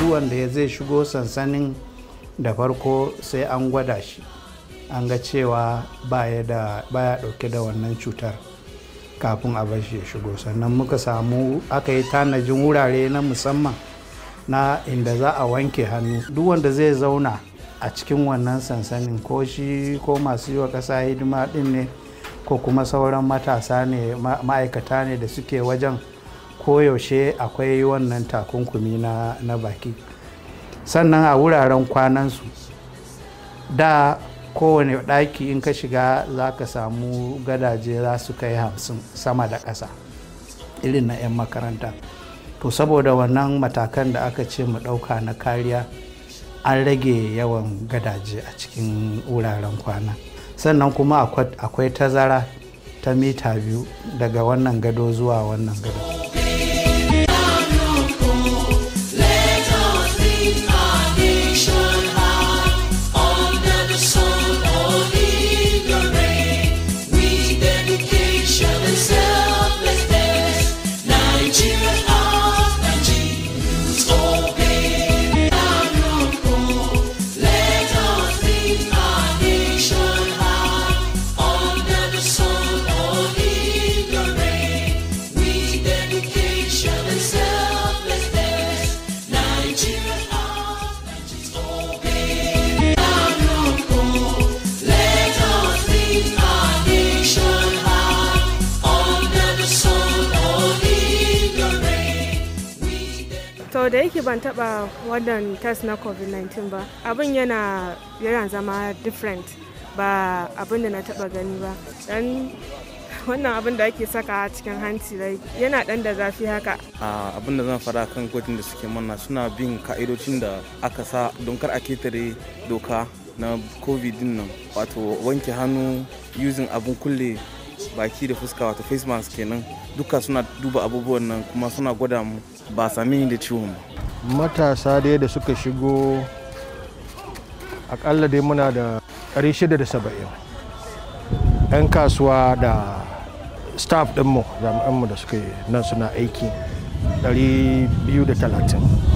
duk wanda ya zai shigo sansanin da farko sai an gwada shi an ga cewa baya dauke da wannan cutar kafin a bar shi ya shigo sannan muka samu aka yi tanajin wurare na musamman na inda za a wanke hannu duk wanda zai zauna a cikin wannan sansanin ko shi ko masu yi wa ƙasa hidima din ne ko kuma sauran matasa ne ma'aikata ne da suke wajen koyaushe akwai wannan takunkumi na, na baki sannan a wuraren kwanansu da kowane ɗaki in ka shiga za ka samu gadaje za su kai hamsin sama da ƙasa irin na 'yan makaranta to saboda wannan matakan da aka ce mu ɗauka na kariya an rage yawan gadaje a cikin wuraren kwana sannan kuma akwai tazara ta mita biyu daga wannan gado zuwa wannan gado. sau da yake ban taba wannan test na covid-19 ba abin yana yana zama different ba abin da na taba gani ba dan wannan abin da ake saka a cikin hanci dai yana dan da zafi haka abin da zan fara kan gwajin da suke mana suna bin ka'idocin da aka sa don kar a ketare doka na covid nan wato wanke hannu using abin kulle baki da fuska wato face mask kenan duka suna duba abubuwan nan kuma suna gwada mu ba sami da ciwon matasa dai da suka shigo akalla dai muna da 670 'yan kasuwa da staff ɗinmu jami'anmu da suke nan suna aiki 230